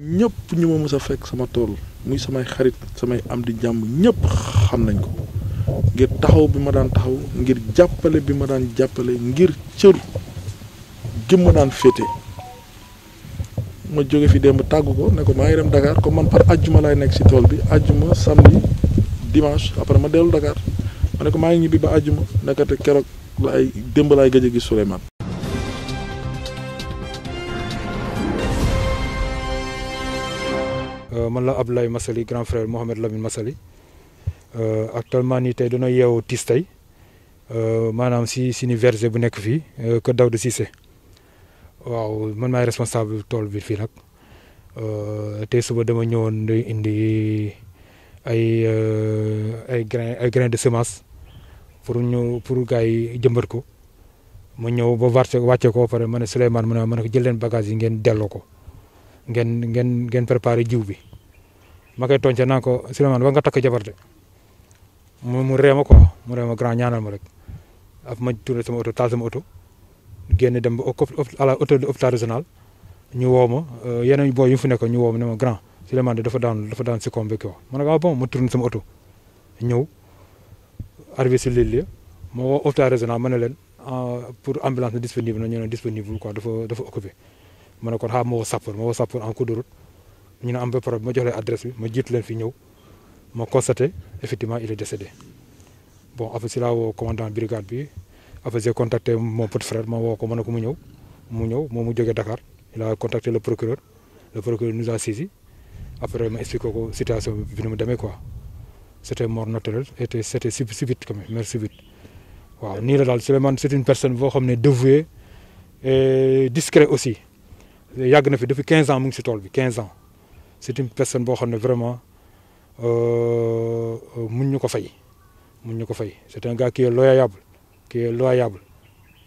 ñëpp ñu ma mës fekk sama tool muy samay xarit samay am di jàmm ñépp xam nañ ko ngir taxaw bi ma daan taxaw ngir jàppale bi ma daan jàppale ngir cëru gi ma daan féete ma jóge fi démb tàggu ko ne ko maa ngi dem Dakar comme man par àjjuma laay nekk si tool bi àjjuma samedi dimanche après ma dellu Dakar ma ne ko maa ngi ñibbi ba àjjuma nekkate keroog laay démb laay gëj a gis man la Abdoulaye Massaly grand frère Mohamed Lamine Massaly euh, actuellement nii tey dañoo yeewu tiis tey euh, maanaam si si ni verger bu nekk fii euh, kër Daouda Cissé waaw man maay responsable tool bi fii nag te suba dama ñëwoon di indi ay ay grain ay de semence pour ñëw pour gars yi jëmbat ko ma ñëw ba wàcce wàcce ko pare ma ne Souleymane ma ne ma ne ko jël leen bagage yi ngeen delloo ko ngeen ngeen ngeen préparé jiw bi ma koy tonce naa ko Souleymane ba nga takk jabar de mu mu réema ko mu réema grand ñaanal ma rek af ma tuuré sama oto taal sama oto génn dem ba à la hôtel de hôpital régional ñu woo ma euh, yeneen boo yu fu nekk ñu woo ma ne ma grand Souleymane dafa daan dafa daan succombé quoi ma ne ko ah bon ma tourne sama oto ñëw ma woo hôpital régional ma ne leen ah, pour ambulance na na ñu ne disponible quoi dafa dafa occupé ma ne kon xaar ah, ma woo sapeur ma woo sapeur ñu ne am ba problème ma jox leen adresse bi ma jiitu leen fi ñëw ma constaté effectivement il e décédé bon après si laa woo commandant brigade bi après j'ai contacté mon petit frère ma woo ko ma ne ko mu ñëw mu ñëw moom mu jógee Dakar il a contacté le procureur le procureur nous a saisi après bi ni mu demee quoi c' était mort naturelle et c' était subite quand même mère subite waaw nii la daal Souleymane c' une personne boo xam ne dévouée et discret aussi na fi depuis 15 ans mu ngi si tool bi quinze ans. c'est une personne boo xam ne vraiment euh, euh, mu ñu ko fay mun ñu ko fay c'est un gars qui est loyable qui est loyable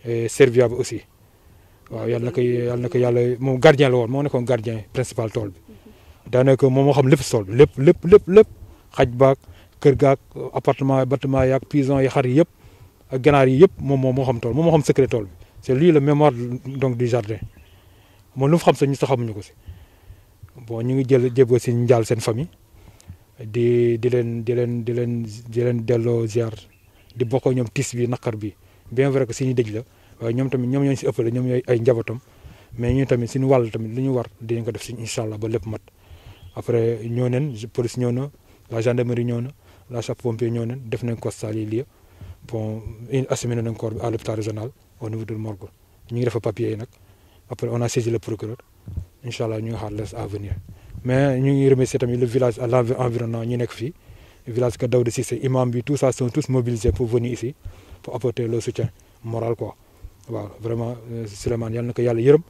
et serviable aussi waaw yàlla na ko yàlla moom gardien la woon moo nekkoon gardien principal tool bi daanaka moom moo xam lép sol bi lépp lépp lépp lépp xaj baak kër gaag appartement bâtiment yaag pison yi xar yi yëpp ak ganaar yi yëpp moom moo xam tool moom moo xam secret tool bi c'est lui le mémoire donc du jardin moom lu mu xam sax ñu sax xamuñu ko si bon ñu ngi jël jébbal si njaal seen famille di di leen di leen di leen di leen delloo ziar di bokk ñoom tiis bi naqar bi bien vrai que suñu dëj la waaye ñoom tamit ñoom ñoo si ëppale ñoom ñooy ay njabootam mais ñu tamit suñu wàll tamit lu ñu war dinañ ko def si incha allah ba lépp mat après ñoo neen police ñëw na la gendarmerie ñëw na la sapeur pompier ñëw neen def nañ constat yi lii bon acheminé nañ corps bi à l'hôpital régional au niveau de morgue ñu ngi defa papier yi nag après on a saisi le procureur incha allah ñu ngi xaar les à venir mais ñu ngi remercier tamit village à l'environnement ñu nekk fii village Kër Daouda Cissé imam bi tout ça sont tous mobilisés pour venir ici pour apporter le soutien moral quoi waaw vraiment euh, Souleymane yal na ko yàlla yërëm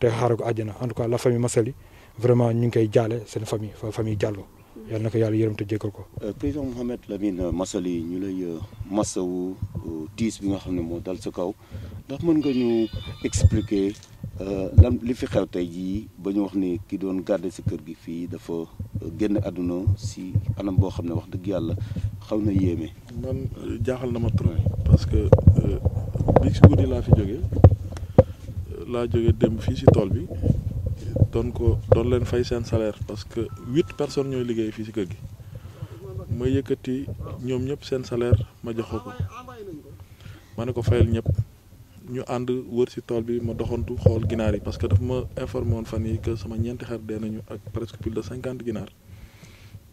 te xaaral ko àjjana en tout cas la famille Massaly vraiment ñu ngi koy jaale seen famille famille Diallo. yal na ko yàlla yërëm te jéggal ko. Euh, président Mouhamed Lamine Massaly ñu lay euh, masawu euh, tiis bi nga xam ne moo dal sa kaw ndax mën nga ñu expliquer lan li fi xew tey jii ba ñu wax ni ki doon garder si kër gi fii dafa génn àdduna si anam boo xam ne wax dëgg yàlla xaw na yéeme. man jaaxal na ma trop parce que bi si guddi laa fi jógee laa jógee dem fii si tool bi. doon ko doon leen fay seen salaire parce que huit personnes ñooy liggéey fii ci kër gi ma yëkkati ñoom ñëpp seen salaire ma jox ko ma ne ko fayal ñëpp ñu ànd wër ci tool bi ma doxantu xool ginaar yi parce que daf ma informé woon fan yi que sama ñeenti xar dee nañu ak presque plus de cinquante ginaar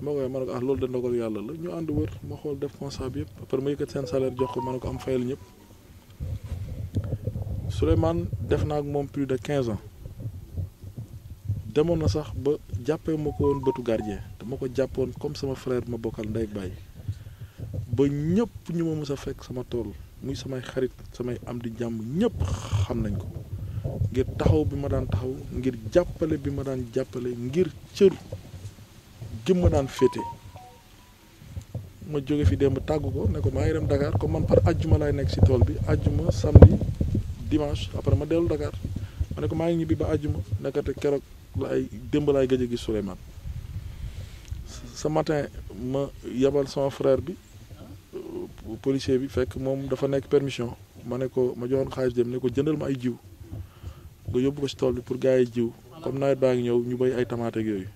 ma koy ma ne ko ah loolu da ndogal yàlla la ñu ànd wër ma xool def constat bi yëpp après ma yëkkati seen salaire jox ko ma ne ko am fayal ñëpp Souleymane def naa ak moom plus de quinze ans. demoon na sax ba jàppee ma ko woon bëtu gardien dama ko jàppoon comme sama frère ma bokkal ndey ak ba ñëpp ñu ma mës a fekk sama tool muy samay xarit samay am di jàmm ñépp xam nañ ko ngir taxaw bi ma daan taxaw ngir jàppale bi ma daan jàppale ngir cër gi ma daan féete ma jóge fi démb tàggu ko ne maa ngi dem Dakar comme man par àjjuma laay nekk ci tool bi àjjuma samedi dimanche après ma dellu Dakar ma ne ko maa ngi ñibbi ba àjjuma nekkate keroog laay démb laay gëj a gis Souleymane sa matin ma yebal sama frère bi euh, policier bi fekk moom dafa nekk permission ma ne ko ma joxoon xaalis dem ne ko jëndal ma ay jiw nga yóbbu ko si tool bi pour gars yi jiw comme nawet baa ngi ñëw ñu béy ay tamaate ak yooyu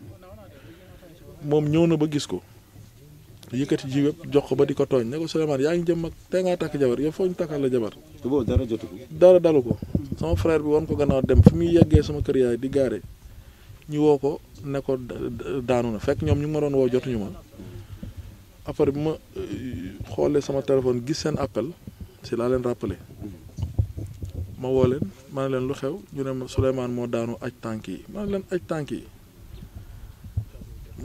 moom ñëw na ba gis ko yëkkati jiw yëpp jox ko ba di ko tooñ ne ko Souleymane yaa ngi jëm ak tey ngaa takk jabar yow foo ñu takkal la jabar. te boobu dara jotu ko. dara dalu ko. sama frère bi wan ko gannaaw dem fi muy yeggee sama kër yaay di gaare. ñu woo ko ne ko daanu na fekk ñoom ñu ma doon woo jotuñu ma après bi ma euh, xoolee sama téléphone gis seen appel si laa leen rappelé ma woo leen ma ne leen lu xew ñu ne ma Souleymane moo daanu aj tànk yi ma ne leen aj tànk yi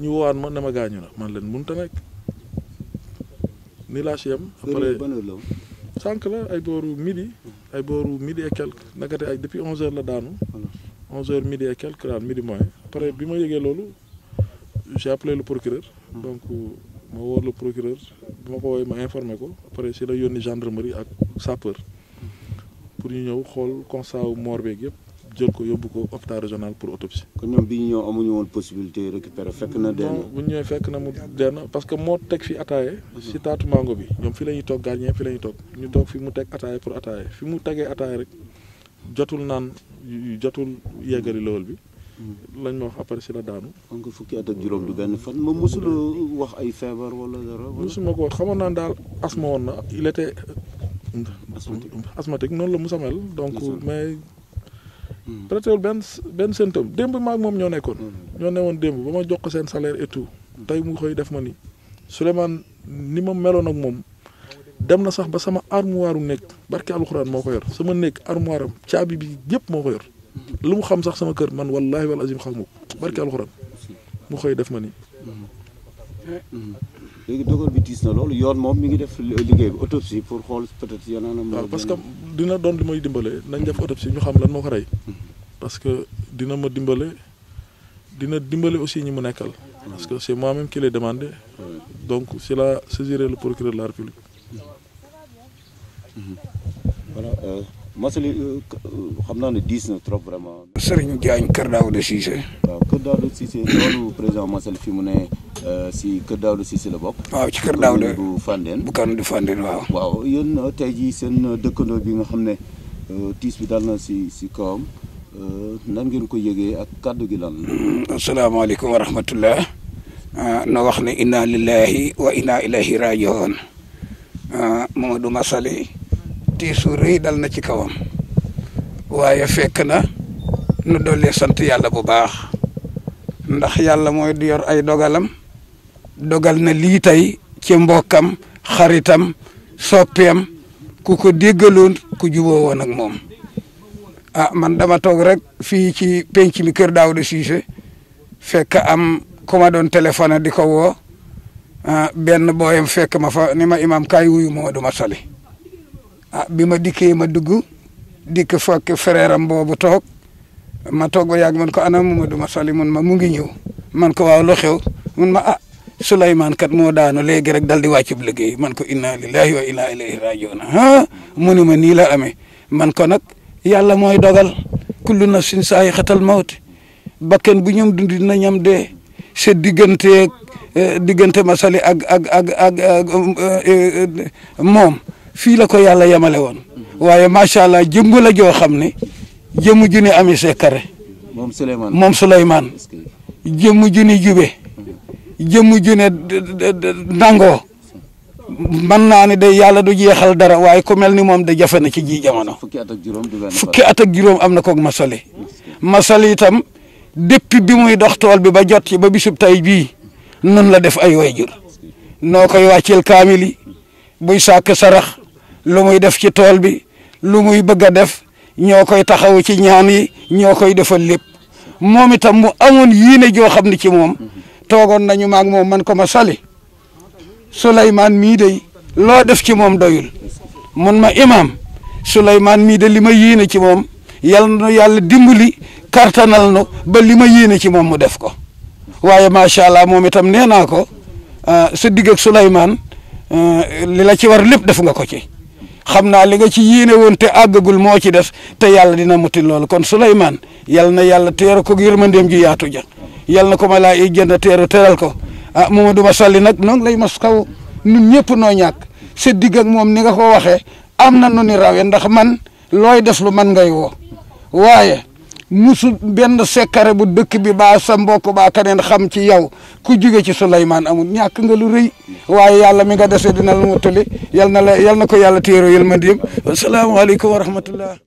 ñu woowaat ma ne ma gaañu na man leen mënut ta nekk ni laa si yem après sànq la ay booru midi ay booru midi et quelque nakate ay depuis onze heures la daanu onze heures midi et quelques daal midi moins après bi ma yëgee loolu j'ai appelé le procureur hmm. donc ma woo le procureur bi ma ko woowee ma informé ko après si la yónni gendarmerie ak sapeur pour ñu ñëw xool constat wu mort beeg jël ko yóbbu ko hôpital régional pour autopsie. kon ñoom bi ñu ñëw amuñu woon possibilité récupérer fekk na. dee na bu ñu ñëwee fekk na mu dee na parce que moo teg fi ataaye. Hmm. si taatu mango bi ñoom fi la ñuy toog gardien fi la ñuy toog. ñu toog mu teg ataaye pour ataaye fi mu tegee ataaye rek. jotul naan jotul yeggali lool bi. lañ ma wax après la daanu. kon ko juróom du benn fan moom mosul wax ay feebar wala dara. mosuma ko xamoon naa daal asma woon na il était. asthmatique noonu la musa mel donc mais. peut hmm. benn benn symptôme démb ma moom ñoo nekkoon. Hmm. ñoo newoon démb ba ma jox seen salaire et tout. Hmm. tey mu xëy def ma ni Souleymane ni ma meloon ak moom. dem na sax ba sama armoire u nekk barke alxuraan moo ko yor sama nekk armoire am caabi bi yëpp moo ko yor lu mu xam sax sama kër man wallaahi wal azim xaw ma ko barke alxuraan mu xëy def ma nii. léegi dogal bi tiis na loolu yoon moom mi ngi def liggéey bi autopsie pour xool peut-être parce que dina doon li may dimbale nañ def autopsie ñu xam lan moo ko rey. parce que dina ma dimbale dina dimbale aussi ñi mu nekkal. parce que c'est moi-même qui l'ai demandé. donc c'est la saisir la procureur de la République. voilà euh, Massaly euh, euh, xam naa ne diis na trop vraiment. Serigne Diagne Kër Daouda Cissé. waaw Kër Daouda Cissé loolu président Massaly fi mu ne si Kër Daouda Cissé la bokk. waaw ci Kër Daouda bu Fandène bu kan du Fandène waaw. waaw yéen tey jii seen dëkkandoo bi nga xam ne tiis bi daal na si si kawam nan ngeen ko yëgee ak kàddu gi lan la. Mm, asalaamaaleykum wa ah, na wax ne inna lillahi wa inna ilayhi rajiun ah, Mamadou Massaly. tiisu rëy dal na ci kawam waaye fekk na nu dollee sant yàlla bu baax ndax yàlla mooy di yor ay dogalam dogal na lii tey ci mbokkam xaritam soppeem ku ko déggaloon ku juboo woon ak moom a ah, man dama toog rek fii ci penc mi kër Daouda Cissé fekk am koma doon téléphoné di ko woo ah, benn booyam fekk ma fa ni ma imaam kaay wuyu ma du ah bi ma dikkee ma dugg dikk fekk frère am boobu toog ma toog ba yàgg man ko ana mu ma du ma soli mun ma mu ngi ñëw man ko waaw loxew xew ma ah Souleymane kat moo daanu léegi rek dal di wàccub liggéey man ko inna lillahi wa inna ilayhi rajiun ah mu ne ma nii la amee man ko nag yàlla mooy dogal kullu nafsin saayiqatal mawt bakken bu ñoom dund na ñam dee se diggante eh, diggante masali ak ak ak ak eh, eh, moom fii la ko yàlla yemale woon waaye macha allah jëmb la joo xam ne jëmmu ju ni ami sekkare moom Souleymane moom Souleymane jëmm ju ni jube jëmmu ju ne nangoo mën naa ne day yàlla du jeexal dara waaye ku mel ni moom da jafe na ci ji jamono fukki at ak juróom am na koog masali masali itam depuis bi muy dox tool bi ba jot ci ba bisub tay bii nun la def ay wayjur noo koy wàcceel kaamil buy sàkk sarax lu muy def ci tool bi lu muy bëgg a def ñoo koy taxaw ci ñaan yi ñoo koy defal lépp moom itam mu amoon yéene joo xam ne ci moom toogoon nañu maag moom man ko ma sali Souleymane mii de loo def ci moom doyul mun ma imaam Souleymane mii de li ma yéene ci moom yal na yàlla dimbali kartanal nu ba li ma yéene ci moom mu def ko waaye macha allah moom itam nee naa ko ah, sa digg ak Eh, li la ci war lépp defu nga ko ci xam naa li nga ci yéene woon te àggagul moo ci des te yàlla dina muti loolu kon Souleymane yal na yàlla teeru ko yërmandeem ji yaatu ja yal ko ma laa i jënd teeru teral ko ah Mamadou Massaly nag noonu lay mas kaw ñun ñëpp noo ñàkk sa digg ak moom ni nga ko waxee am na nu ni ndax man looy des lu man ngay woo waaye musu benn sekkare bu dëkk bi baa sa mbokk baa keneen xam ci yow ku jóge ci Souleymane amul ñàkk nga lu rëy waaye yàlla mi nga dese dina la mottali yal na la yal na ko yàlla téero yal ma diyem asalaamaaleykum wa rahmatullah